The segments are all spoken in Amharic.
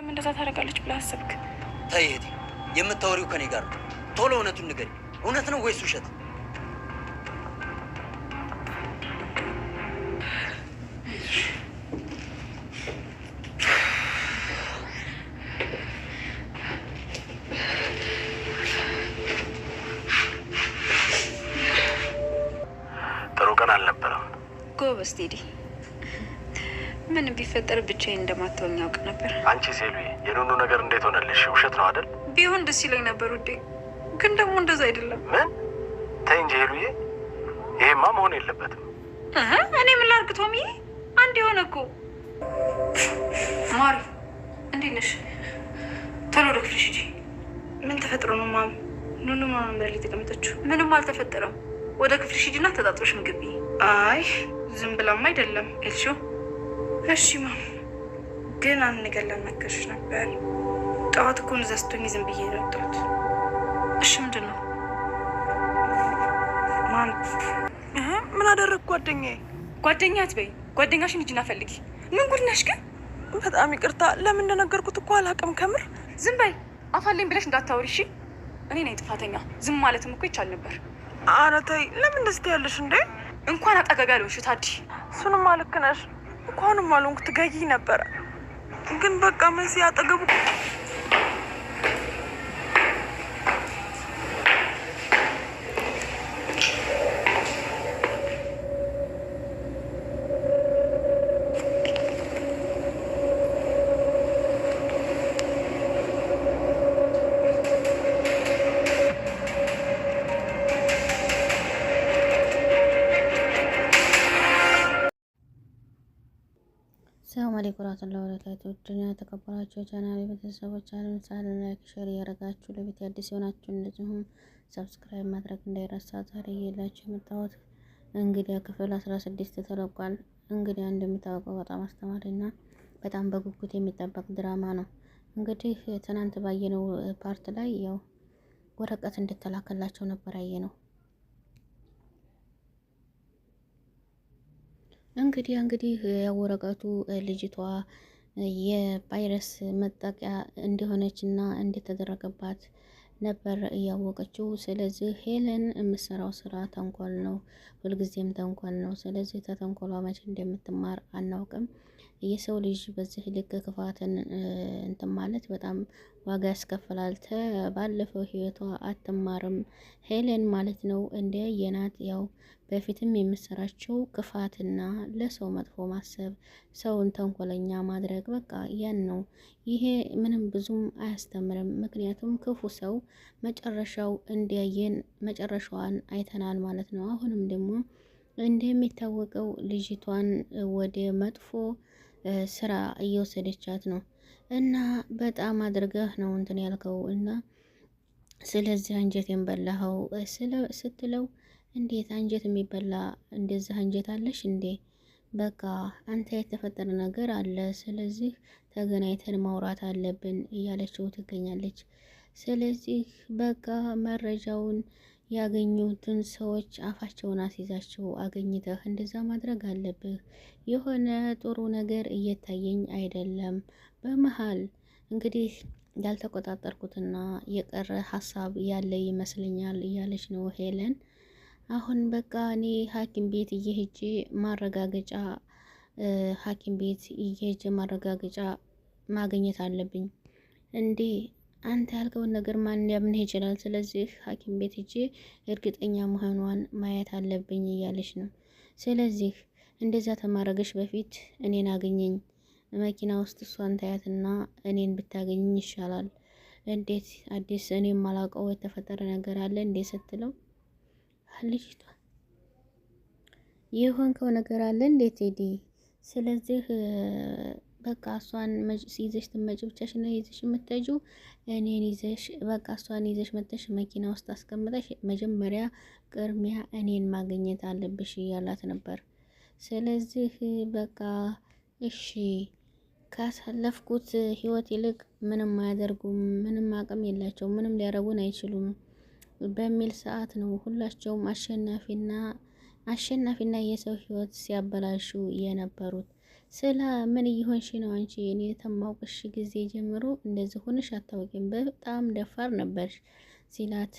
ለምን እንደዛ ታደርጋለች ብለህ አሰብክ? ተይ እህቴ፣ የምታወሪው ከኔ ጋር ቶሎ እውነቱን ንገሪ። እውነት ነው ወይስ ውሸት? ቢፈጠር ብቻዬን እንደማትሆኝ ያውቅ ነበር። አንቺ ሴሉ የኑኑ ነገር እንዴት ሆነልሽ? ውሸት ነው አይደል? ቢሆን ደስ ይለኝ ነበር ውዴ፣ ግን ደግሞ እንደዛ አይደለም። ምን? ተይ እንጂ ሄሉዬ፣ ይሄማ መሆን የለበትም። እኔ ምን ላድርግ ቶሚ፣ አንድ የሆነ እኮ ማሪ፣ እንዴት ነሽ? ቶሎ ወደ ክፍልሽ ሂጂ። ምን ተፈጥሮ ነው ማም? ኑኑ ማን ላይ የተቀመጠችው? ምንም አልተፈጠረም። ወደ ክፍልሽ ሂጂና ተጣጥሮሽ ምግቢ። አይ ዝም ብላም አይደለም ኤልሹ እሺ ማም፣ ግን አንድ ነገር ላናገርሽ ነበር። ጠዋት እኮ ንዘስቶኝ ዝም ብዬ የመጣሁት። እሺ ምንድን ነው ማም? ምን አደረግ ጓደኛ ጓደኛ አትበይ። ጓደኛሽን ሂጂና ፈልጊ። ምን ጉድ ነሽ ግን! በጣም ይቅርታ፣ ለምን እንደነገርኩት እኮ አላውቅም። ከምር ዝም በይ። አፋለኝ ብለሽ እንዳታወሪ እሺ። እኔ ነኝ ጥፋተኛ። ዝም ማለትም እኮ ይቻል ነበር። ኧረ ተይ፣ ለምን ደስታ ያለሽ እንዴ? እንኳን አጠገቢ ያለሽ ታዲ። እሱንማ ልክ ነሽ እንኳንም አልሆንኩ ትገጊ ነበረ። ግን በቃ መሲ አጠገቡ አለይኩም ወራህመቱላሂ ወበረካቱህ። ውድና የተከበራችሁ የቻናሌ ቤተሰቦች አለም ሳለ ላይክ፣ ሼር እያደረጋችሁ ለቤት አዲስ የሆናችሁ እንደዚሁም ሰብስክራይብ ማድረግ እንዳይረሳ። ዛሬ እየላችሁ የመጣሁት እንግዲያ ክፍል አስራ ስድስት ተለቋል። እንግዲያ እንደሚታወቀው በጣም አስተማሪ አስተማሪና በጣም በጉጉት የሚጠበቅ ድራማ ነው። እንግዲህ ትናንት ባየነው ፓርት ላይ ያው ወረቀት እንድተላከላቸው ነበር ያየነው እንግዲህ እንግዲህ ያወረቀቱ ልጅቷ የቫይረስ መጠቂያ እንደሆነች እና እንደተደረገባት ነበር እያወቀችው። ስለዚህ ሄለን የምሰራው ስራ ተንኮል ነው፣ ሁልጊዜም ተንኮል ነው። ስለዚህ ተተንኮሏ መቼ እንደምትማር አናውቅም። የሰው ልጅ በዚህ ልክ ክፋትን እንትን ማለት በጣም ዋጋ ያስከፍላል። ባለፈው ህይወቷ አትማርም ሄለን ማለት ነው። እንደ የናት ያው በፊትም የምሰራቸው ክፋትና ለሰው መጥፎ ማሰብ፣ ሰውን ተንኮለኛ ማድረግ በቃ ያን ነው። ይሄ ምንም ብዙም አያስተምርም። ምክንያቱም ክፉ ሰው መጨረሻው እንዲያየን መጨረሻዋን አይተናል ማለት ነው። አሁንም ደግሞ እንደሚታወቀው ልጅቷን ወደ መጥፎ ስራ እየወሰደቻት ነው እና በጣም አድርገህ ነው እንትን ያልከው እና ስለዚህ አንጀት በላኸው ስትለው፣ እንዴት አንጀት የሚበላ እንደዚህ አንጀት አለሽ እንዴ? በቃ አንተ የተፈጠረ ነገር አለ። ስለዚህ ተገናኝተን ማውራት አለብን እያለችው ትገኛለች። ስለዚህ በቃ መረጃውን ያገኙትን ሰዎች አፋቸውን አስይዛቸው አገኝተህ እንደዛ ማድረግ አለብህ። የሆነ ጥሩ ነገር እየታየኝ አይደለም። በመሃል እንግዲህ ያልተቆጣጠርኩትና የቀረ ሀሳብ ያለ ይመስለኛል እያለች ነው ሄለን። አሁን በቃ እኔ ሐኪም ቤት እየሄጄ ማረጋገጫ ሐኪም ቤት እየሄጄ ማረጋገጫ ማግኘት አለብኝ እንዴ አንተ ያልከውን ነገር ማን ሊያምን ይችላል? ስለዚህ ሐኪም ቤት ሂጄ እርግጠኛ መሆኗን ማየት አለብኝ እያለች ነው። ስለዚህ እንደዛ ተማረገሽ በፊት እኔን አገኘኝ መኪና ውስጥ እሷን ታያትና እኔን ብታገኝኝ ይሻላል። እንዴት አዲስ እኔም ማላቀው የተፈጠረ ነገር አለ እንዴ ስትለው ልጅቷ የሆንከው ነገር አለ እንዴት ቴዲ ስለዚህ በቃ እሷን ይዘሽ ትመጪ ብቻሽ ነው ይዘሽ የምትሄጂው። እኔን ይዘሽ በቃ እሷን ይዘሽ መተሽ መኪና ውስጥ አስቀምጠሽ መጀመሪያ ቅድሚያ እኔን ማግኘት አለብሽ እያላት ነበር። ስለዚህ በቃ እሺ ካሳለፍኩት ህይወት ይልቅ ምንም አያደርጉም፣ ምንም አቅም የላቸው፣ ምንም ሊያረጉን አይችሉም በሚል ሰዓት ነው ሁላቸውም አሸናፊና አሸናፊና የሰው ህይወት ሲያበላሹ የነበሩት። ስለ ምን እየሆንሽ ነው አንቺ? እኔ ተማውቅሽ ጊዜ ጀምሮ እንደዚህ ሆነሽ አታውቂም፣ በጣም ደፋር ነበርሽ ሲላት፣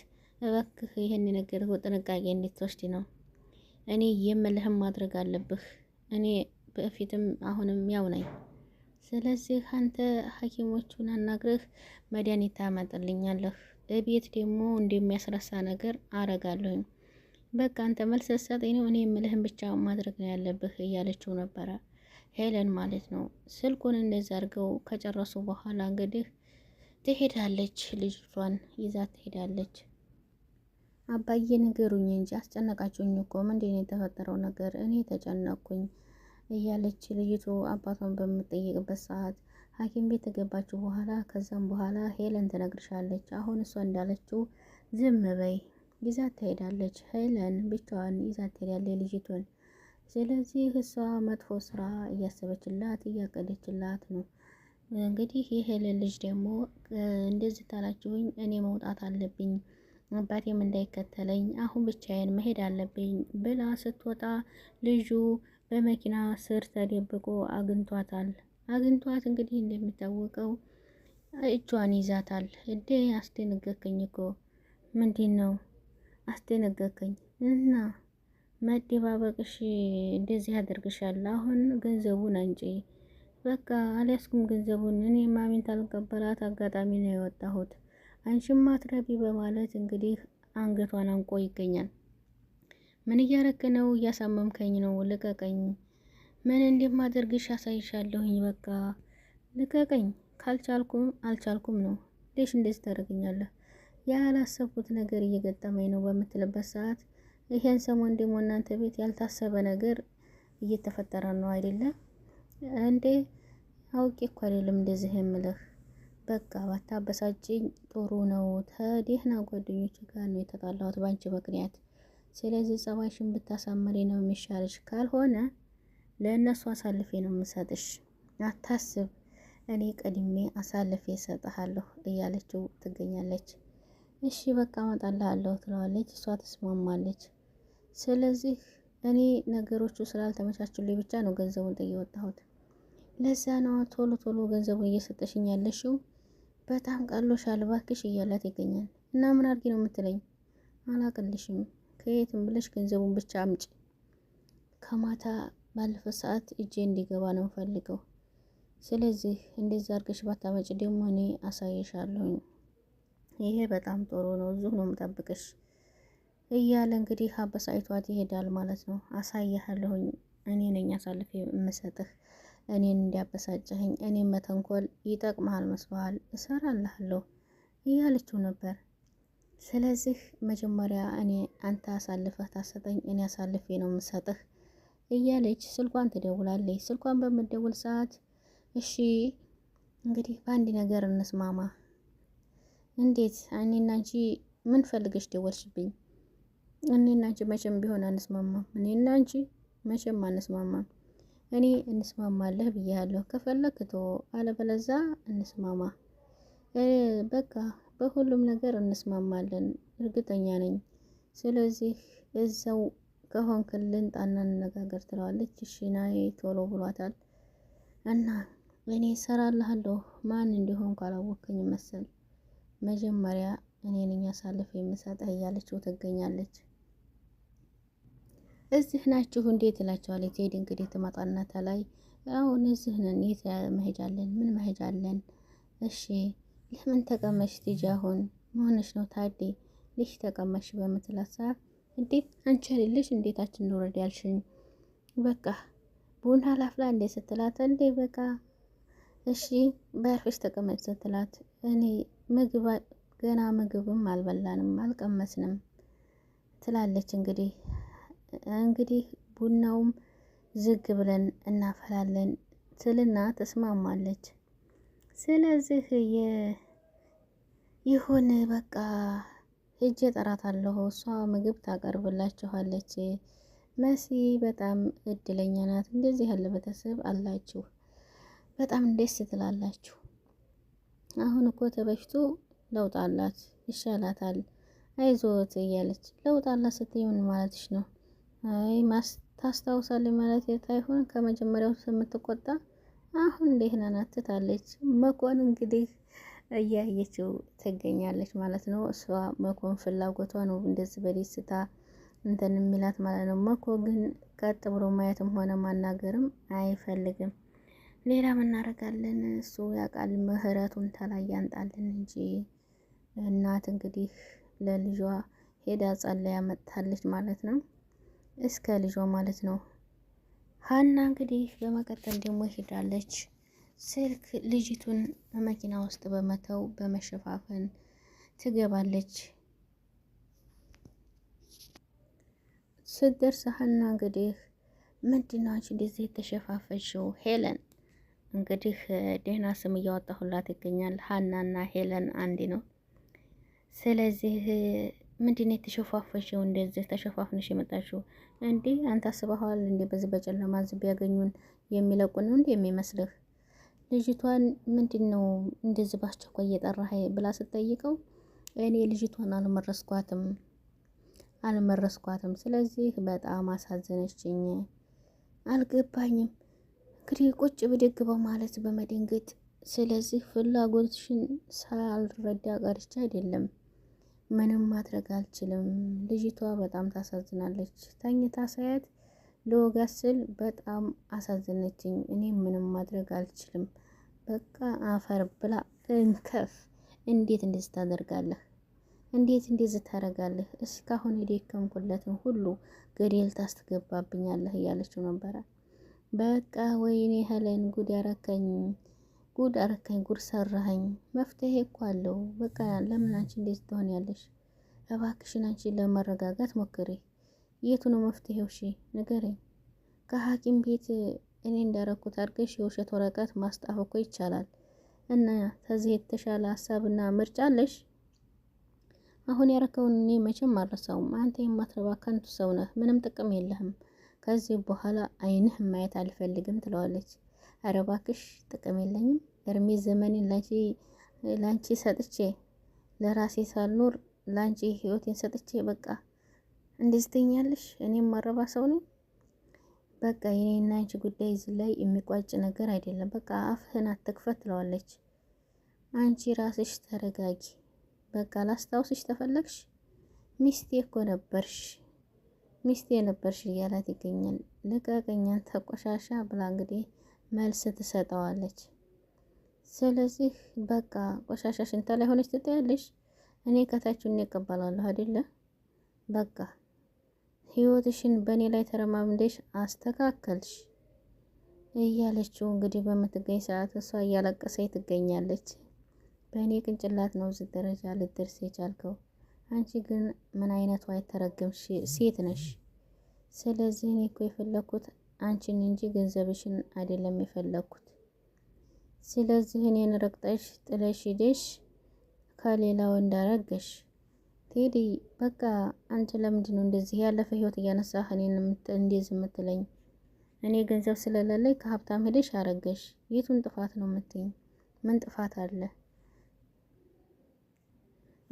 እባክህ ይህን ነገር ጥንቃቄ እንድትወስድ ነው እኔ የምልህም ማድረግ አለብህ። እኔ በፊትም አሁንም ያው ነኝ። ስለዚህ አንተ ሐኪሞቹን አናግረህ መድኃኒት ታመጥልኛለህ። እቤት ደግሞ እንደሚያስረሳ ነገር አረጋለሁኝ። በቃ አንተ መልስ ሰጠኝ ነው እኔ የምልህን ብቻ ማድረግ ነው ያለብህ እያለችው ነበረ ሄለን ማለት ነው። ስልኩን እንደዚ አድርገው ከጨረሱ በኋላ እንግዲህ ትሄዳለች፣ ልጅቷን ይዛ ትሄዳለች። አባዬ ንገሩኝ እንጂ አስጨነቃችሁኝ እኮ ምንድን ነው የተፈጠረው ነገር? እኔ ተጨነቅኩኝ እያለች ልጅቱ አባቷን በምጠይቅበት ሰዓት ሐኪም ቤት ተገባችሁ በኋላ ከዛም በኋላ ሄለን ትነግርሻለች። አሁን እሷ እንዳለችው ዝም በይ ይዛ ትሄዳለች። ሄለን ብቻዋን ይዛ ትሄዳለች ልጅቱን ስለዚህ እሷ መጥፎ ስራ እያሰበችላት እያቀደችላት ነው። እንግዲህ ይሄ ልጅ ደግሞ እንደዚህ ታላችሁኝ፣ እኔ መውጣት አለብኝ፣ አባቴም እንዳይከተለኝ አሁን ብቻዬን መሄድ አለብኝ ብላ ስትወጣ ልጁ በመኪና ስር ተደብቆ አግኝቷታል። አግኝቷት እንግዲህ እንደሚታወቀው እጇን ይዛታል። እዴ አስደነገከኝ እኮ ምንድን ነው አስደነገከኝ እና መደባበቅሽ እንደዚህ ያደርግሻል። አሁን ገንዘቡን አንጪ በቃ አልያዝኩም ገንዘቡን። እኔ ማሚን ታልቀበላት አጋጣሚ ነው የወጣሁት አንቺም አትረቢ በማለት እንግዲህ አንገቷን አንቆ ይገኛል። ምን እያረክ ነው? እያሳመምከኝ ነው። ልቀቀኝ። ምን እንደማደርግሽ አሳይሻለሁኝ። በቃ ልቀቀኝ። ካልቻልኩም አልቻልኩም ነው። እንዴሽ እንደዚህ ታደርገኛለህ? ያላሰብኩት ነገር እየገጠመኝ ነው በምትልበት ሰዓት ይሄን ሰሞን ደግሞ እናንተ ቤት ያልታሰበ ነገር እየተፈጠረ ነው አይደለም እንዴ? አውቄ እኮ አይደለም እንደዚህ የምልህ። በቃ ባታበሳጭኝ ጥሩ ነው። ተደህና ጓደኞች ጋር ነው የተጣላሁት ባንቺ ምክንያት። ስለዚህ ጸባይሽን ብታሳምሪ ነው የሚሻልሽ። ካልሆነ ለእነሱ አሳልፌ ነው የምሰጥሽ። አታስብ፣ እኔ ቀድሜ አሳልፌ እሰጥሃለሁ እያለችው ትገኛለች። እሺ በቃ እመጣልሃለሁ ትለዋለች። እሷ ትስማማለች። ስለዚህ እኔ ነገሮቹ ስላልተመቻቹልኝ ብቻ ነው ገንዘቡን ጥዬ የወጣሁት። ለዛ ነው ቶሎ ቶሎ ገንዘቡን እየሰጠሽኝ ያለሽው በጣም ቀሎሻል እባክሽ እያላት ይገኛል። እና ምን አድርጊ ነው የምትለኝ? አላቅልሽም ከየትም ብለሽ ገንዘቡን ብቻ አምጪ። ከማታ ባለፈ ሰዓት እጄ እንዲገባ ነው ፈልገው። ስለዚህ እንደዛ አድርገሽ ባታመጭ ደግሞ እኔ አሳየሻለሁኝ። ይሄ በጣም ጥሩ ነው። እዚሁ ነው የምጠብቅሽ እያለ እንግዲህ አበሳጭቷት ይሄዳል ማለት ነው። አሳያለሁኝ፣ እኔ ነኝ አሳልፌ የምሰጥህ እኔን እንዲያበሳጭህኝ፣ እኔ መተንኮል ይጠቅመሃል መስሎሃል? እሰራልሃለሁ እያለችው ነበር። ስለዚህ መጀመሪያ እኔ አንተ አሳልፈህ ታሰጠኝ፣ እኔ አሳልፌ ነው የምሰጥህ እያለች ስልኳን ትደውላለች። ስልኳን በምደውል ሰዓት እሺ እንግዲህ በአንድ ነገር እንስማማ፣ እንዴት እኔና አንቺ ምን ፈልገሽ ደወልሽብኝ? እኔ እና አንቺ መቼም ቢሆን አንስማማም። እና አንቺ መቼም አንስማማም። እኔ እንስማማለህ ብያለሁ። ከፈለክ ቶ አለበለዛ እንስማማ። በቃ በሁሉም ነገር እንስማማለን፣ እርግጠኛ ነኝ። ስለዚህ እዛው ከሆንክ ልንጣና እንነጋገር ትለዋለች። እሺ ናይ ቶሎ ብሏታል እና እኔ እሰራልሃለሁ ማን እንዲሆን ካላወቅኝ መሰል መጀመሪያ እኔን አሳልፌ የምሰጠህ እያለችው ትገኛለች። እዚህ ናችሁ እንዴት እላቸዋለሁ። ዜድ እንግዲህ ትመጣና ተላይ አሁን እዚህ ነን፣ የት መሄጃለን? ምን መሄጃለን? እሺ ለምን ተቀመሽ ትጂ? አሁን መሆንሽ ነው ታዴ ልሽ ተቀመሽ በምትላት ሰዓት እንዴት አንቺ ልሽ እንዴታችን እንውረድ ያልሽኝ በቃ ቡና ላፍላ እንዴ ስትላት፣ እንዴ በቃ እሺ በርፍሽ ተቀመጭ ስትላት፣ እኔ ምግብ ገና ምግብም አልበላንም አልቀመስንም ትላለች እንግዲህ እንግዲህ ቡናውም ዝግ ብለን እናፈላለን ትልና ተስማማለች። ስለዚህ ይሁን በቃ ጠራት እጠራታለሁ፣ እሷ ምግብ ታቀርብላችኋለች። መሲ በጣም እድለኛ ናት፣ እንደዚህ ያለ ቤተሰብ አላችሁ፣ በጣም ደስ ትላላችሁ። አሁን እኮ ተበፊቱ ለውጥ አላት፣ ይሻላታል፣ አይዞት እያለች ለውጥ አላት ስትይ ምን ማለትሽ ነው? አይ ታስታውሳለች ማለት የታይሆን ከመጀመሪያው የምትቆጣ አሁን ደህና ናት ትታለች። መኮን እንግዲህ እያየችው ትገኛለች ማለት ነው። እሷ መኮን ፍላጎቷ ነው እንደዚህ በደስታ እንትን የሚላት ማለት ነው። መኮ ግን ቀጥ ብሎ ማየትም ሆነ ማናገርም አይፈልግም። ሌላ ምናደርጋለን እሱ ያውቃል። ምህረቱን ተላይ ያንጣልን እንጂ እናት እንግዲህ ለልጇ ሄዳ ጸላ ያመጣለች ማለት ነው። እስከ ልጇ ማለት ነው። ሀና እንግዲህ በመቀጠል ደግሞ ሄዳለች። ስልክ ልጅቱን መኪና ውስጥ በመተው በመሸፋፈን ትገባለች። ስደርስ ሀና እንግዲህ ምንድናች እንደዚህ የተሸፋፈችው ሄለን እንግዲህ ደህና ስም እያወጣሁላት ይገኛል። ሀናና ሄለን አንድ ነው። ስለዚህ ምንድነው የተሸፋፈሽው? እንደዚህ ተሸፋፍነሽ የመጣችው እንዴ? አንተ አስበሃል እንዴ? በዚህ በጨለማ ዝም ቢያገኙን የሚለቁን እንዴ የሚመስልህ? ልጅቷን ምንድን ነው እንደዚህ በአስቸኳይ እየጠራህ ብላ ስትጠይቀው እኔ ልጅቷን አልመረስኳትም አልመረስኳትም፣ ስለዚህ በጣም አሳዘነችኝ፣ አልገባኝም። እንግዲህ ቁጭ ብድግ በማለት በመደንገጥ ስለዚህ ፍላጎትሽን ሳልረዳ ቀርቼ አይደለም ምንም ማድረግ አልችልም። ልጅቷ በጣም ታሳዝናለች። ተኝታ ሳያት ልወጋት ስል በጣም አሳዝነችኝ። እኔ ምንም ማድረግ አልችልም። በቃ አፈር ብላ እንከፍ። እንዴት እንደዚህ ታደርጋለህ? እንዴት እንደዚህ ታደርጋለህ? እስካሁን የደከምኩለትን ሁሉ ገደል ታስገባብኛለህ እያለችው ነበረ። በቃ ወይኔ ሄለን ጉድ ያረከኝ ጉድ አረከኝ፣ ጉድ ሰራኸኝ። መፍትሄ እኮ አለው። በቃ ለምን አንቺ እንደዚህ ትሆን ያለሽ? እባክሽን አንቺ ለመረጋጋት ሞክሪ። የቱ ነው መፍትሄው? እሺ ንገረኝ። ከሐኪም ቤት እኔ እንዳረኩት አድርገሽ የውሸት ወረቀት ማስጣፍ እኮ ይቻላል። እና ከዚህ የተሻለ ሀሳብና ምርጫ አለሽ? አሁን ያረከውን እኔ መቼም አልረሳውም። አንተ የማትረባ ከንቱ ሰው ነህ፣ ምንም ጥቅም የለህም። ከዚህ በኋላ አይንህ ማየት አልፈልግም ትለዋለች። ኧረ እባክሽ ጥቅም የለኝም እርሜ ዘመኔን ላንቺ ሰጥቼ ለራሴ ሳልኖር ላንቺ ህይወቴን ሰጥቼ በቃ እንዴት ትይኛለሽ? እኔም ማረባ ሰው ነኝ። በቃ የኔና አንቺ ጉዳይ እዚህ ላይ የሚቋጭ ነገር አይደለም። በቃ አፍህን አትክፈት ትለዋለች። አንቺ ራስሽ ተረጋጊ። በቃ ላስታውስሽ ተፈለግሽ ሚስቴ እኮ ነበርሽ፣ ሚስቴ ነበርሽ እያላት ይገኛል። ልቀቀኛን ተቆሻሻ ብላ እንግዲህ መልስ ትሰጠዋለች። ስለዚህ በቃ ቆሻሻ ሽንታ ላይ ሆነች ትታያለች እኔ ከታችሁ እኔ እቀበላለሁ አይደለ? በቃ ህይወትሽን በእኔ ላይ ተረማምደሽ አስተካከልሽ እያለችው እንግዲህ በምትገኝ ሰዓት እሷ እያለቀሰች ትገኛለች። በእኔ ቅንጭላት ነው እዚህ ደረጃ ልትደርስ የቻልከው። አንቺ ግን ምን አይነቷ የተረገምሽ ሴት ነሽ? ስለዚህ እኔ እኮ የፈለኩት አንቺን እንጂ ገንዘብሽን አይደለም የፈለግኩት። ስለዚህ እኔን ረግጠሽ ጥለሽ ሂደሽ ከሌላ ወንድ አረገሽ። ቴዲ በቃ አንቺ ለምንድን ነው እንደዚህ ያለፈ ህይወት እያነሳህ እኔን እንደዚህ የምትለኝ? እኔ ገንዘብ ስለሌለኝ ከሀብታም ሄደሽ አረገሽ። የቱን ጥፋት ነው የምትይኝ? ምን ጥፋት አለ?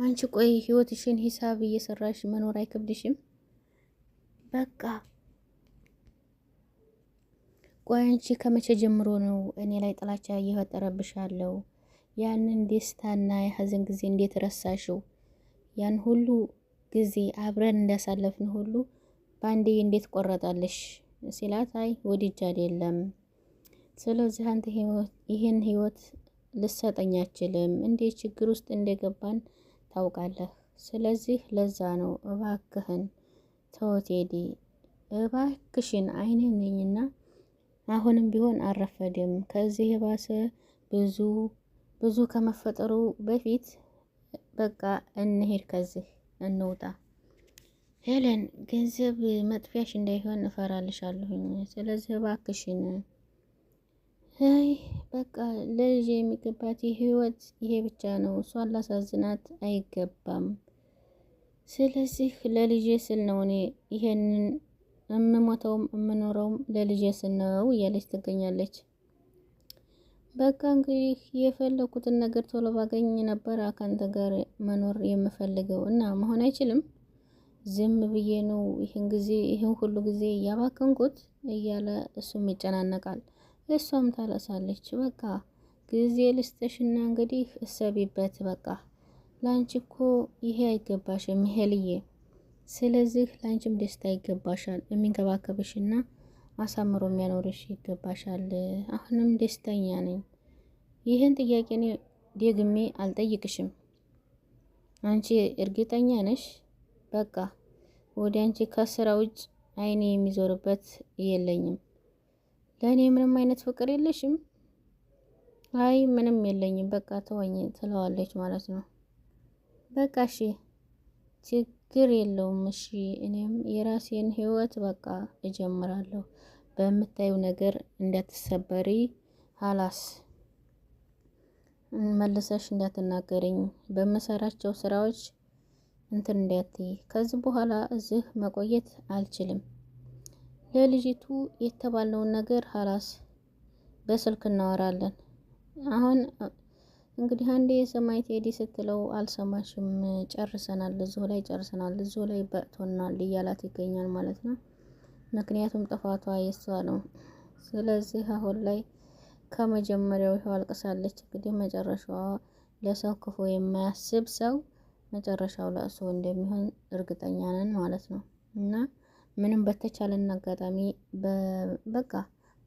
አንቺ ቆይ ህይወትሽን ሂሳብ እየሰራሽ መኖር አይከብድሽም? በቃ ቆይ አንቺ ከመቼ ጀምሮ ነው እኔ ላይ ጥላቻ እየፈጠረብሻለሁ? ያንን ደስታና የሀዘን ጊዜ እንዴት ረሳሽው? ያን ሁሉ ጊዜ አብረን እንዳሳለፍን ሁሉ በአንዴ እንዴት ቆረጣለሽ? ሲላት አይ ወድጄ አይደለም። ስለዚህ አንተ ይህን ህይወት ልሰጠኝ አችልም። እንዴት ችግር ውስጥ እንደገባን ታውቃለህ። ስለዚህ ለዛ ነው እባክህን ተወቴዴ እባክሽን አይንንኝና አሁንም ቢሆን አረፈድም። ከዚህ የባሰ ብዙ ብዙ ከመፈጠሩ በፊት በቃ እንሄድ፣ ከዚህ እንውጣ። ሄለን ገንዘብ መጥፊያሽ እንዳይሆን እፈራልሻለሁኝ። ስለዚህ እባክሽን አይ በቃ ልጅ የሚገባት ህይወት ይሄ ብቻ ነው። እሷን ላሳዝናት አይገባም። ስለዚህ ለልጄ ስል ነው እኔ ይሄንን የምሞተውም የምኖረውም ለልጄ ስነው እያለች ትገኛለች። በቃ እንግዲህ የፈለኩትን ነገር ቶሎ ባገኝ ነበር ከአንተ ጋር መኖር የምፈልገው እና መሆን አይችልም። ዝም ብዬ ነው ይህን ጊዜ ይህን ሁሉ ጊዜ እያባከንኩት እያለ እሱም ይጨናነቃል። እሷም ታለሳለች። በቃ ጊዜ ልስጥሽና እንግዲህ እሰቢበት። በቃ ላንቺ እኮ ይሄ አይገባሽም ይሄ ልዬ ስለዚህ ለአንቺም ደስታ ይገባሻል። የሚንከባከብሽ እና አሳምሮ የሚያኖርሽ ይገባሻል። አሁንም ደስተኛ ነኝ። ይህን ጥያቄ እኔ ደግሜ አልጠይቅሽም። አንቺ እርግጠኛ ነሽ? በቃ ወደ አንቺ ከስራ ውጭ አይኔ የሚዞርበት የለኝም። ለእኔ ምንም አይነት ፍቅር የለሽም? አይ ምንም የለኝም፣ በቃ ተወኝ ትለዋለች ማለት ነው። በቃ እሺ ችግር የለውም። እሺ እኔም የራሴን ህይወት በቃ እጀምራለሁ። በምታየው ነገር እንዳትሰበሪ ሀላስ መልሰሽ እንዳትናገርኝ በምሰራቸው ስራዎች እንትን እንዳትይ። ከዚህ በኋላ እዚህ መቆየት አልችልም። ለልጅቱ የተባለውን ነገር ሀላስ በስልክ እናወራለን አሁን እንግዲህ አንዴ የሰማይ ቴዲ ስትለው አልሰማሽም። ጨርሰናል፣ እዚሁ ላይ ጨርሰናል፣ እዚሁ ላይ በቅቶናል እያላት ይገኛል ማለት ነው። ምክንያቱም ጥፋቷ የሷ ነው። ስለዚህ አሁን ላይ ከመጀመሪያው ይኸው አልቅሳለች። እንግዲህ መጨረሻዋ ለሰው ክፉ የማያስብ ሰው መጨረሻው ለእሱ እንደሚሆን እርግጠኛ ነን ማለት ነው። እና ምንም በተቻለን አጋጣሚ በቃ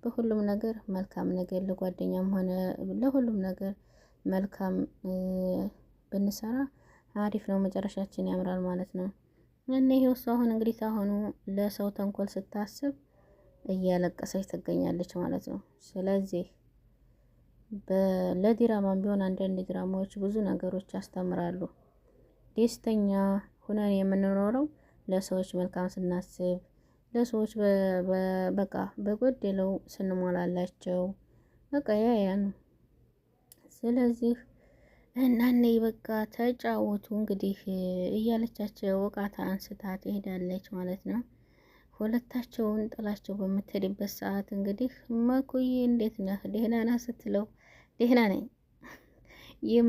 በሁሉም ነገር መልካም ነገር ለጓደኛም ሆነ ለሁሉም ነገር መልካም ብንሰራ አሪፍ ነው፣ መጨረሻችን ያምራል ማለት ነው። እና ይሄው እሱ አሁን እንግዲህ ካሁኑ ለሰው ተንኮል ስታስብ እያለቀሰች ትገኛለች ማለት ነው። ስለዚህ ለዲራማም ቢሆን አንዳንድ ዲራማዎች ብዙ ነገሮች ያስተምራሉ። ደስተኛ ሁነን የምንኖረው ለሰዎች መልካም ስናስብ፣ ለሰዎች በቃ በጎደለው ስንሞላላቸው፣ በቃ ያ ያ ነው። ስለዚህ እናኔ በቃ ተጫወቱ እንግዲህ እያለቻቸው እቃታ አንስታ ትሄዳለች ማለት ነው። ሁለታቸውን ጥላቸው በምትሄድበት ሰዓት እንግዲህ መኩዬ እንዴት ነህ ደህና ነህ ስትለው ደህና ነኝ።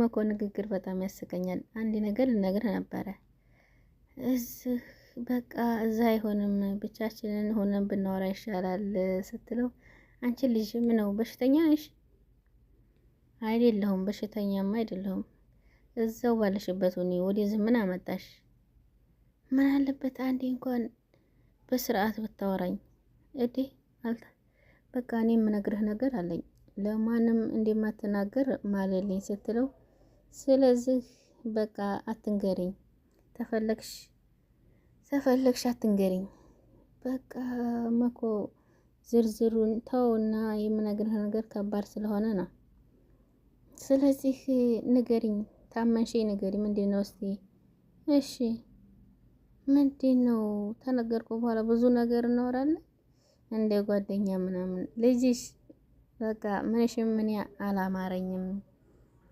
መኮ ንግግር በጣም ያስቀኛል። አንድ ነገር ልነግርህ ነበረ እዚህ በቃ እዛ አይሆንም ብቻችንን ሆነን ብናወራ ይሻላል ስትለው አንቺ ልጅ ምነው በሽተኛ ነሽ? አይደለሁም፣ በሽተኛም አይደለሁም። እዛው ባለሽበት ሁኔ ወደዚህ ምን አመጣሽ? ምን አለበት አንዴ እንኳን በስርዓት ብታወራኝ። እዴ አልታ በቃ እኔ የምነግርህ ነገር አለኝ ለማንም እንደማትናገር ማለልኝ ስትለው፣ ስለዚህ በቃ አትንገሪኝ፣ ተፈለግሽ ተፈለግሽ አትንገሪኝ። በቃ መኮ ዝርዝሩን ተውና የምነግርህ ነገር ከባድ ስለሆነ ነው። ስለዚህ ንገሪኝ፣ ታመንሽ ንገሪ፣ ምንድን ነው እስቲ? እሺ ምንድን ነው? ተነገርኩ በኋላ ብዙ ነገር እናወራለን እንደ ጓደኛ ምናምን። ልጅሽ በቃ ምንሽም ምን አላማረኝም፣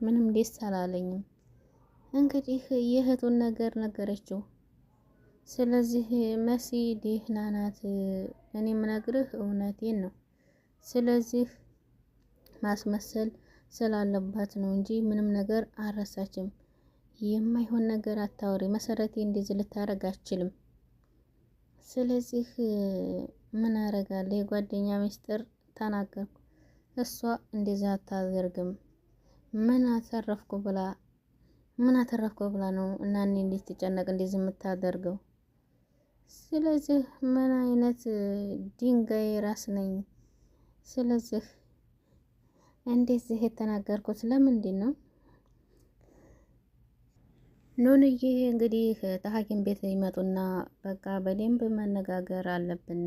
ምንም ደስ አላለኝም። እንግዲህ የእህቱን ነገር ነገረችው። ስለዚህ መሲ ደህና ናት። እኔ ምነግርህ እውነቴን ነው። ስለዚህ ማስመሰል ስላለባት ነው እንጂ ምንም ነገር አረሳችም? የማይሆን ነገር አታወሪ መሰረቴ፣ እንደዚህ ልታረግ አችልም። ስለዚህ ምን አረጋለ? የጓደኛ ሚስጥር ተናገርኩ። እሷ እንደዛ አታደርግም። ምን አተረፍኩ ብላ ምን አተረፍኩ ብላ ነው እና እኔ እንዴት ትጨነቅ እንደዚህ የምታደርገው? ስለዚህ ምን አይነት ድንጋይ ራስ ነኝ? ስለዚህ እንደዚህ የተናገርኩት ለምንድን ነው? ኑንዬ እንግዲህ ከሐኪም ቤት ይመጡና በቃ በደንብ መነጋገር አለብን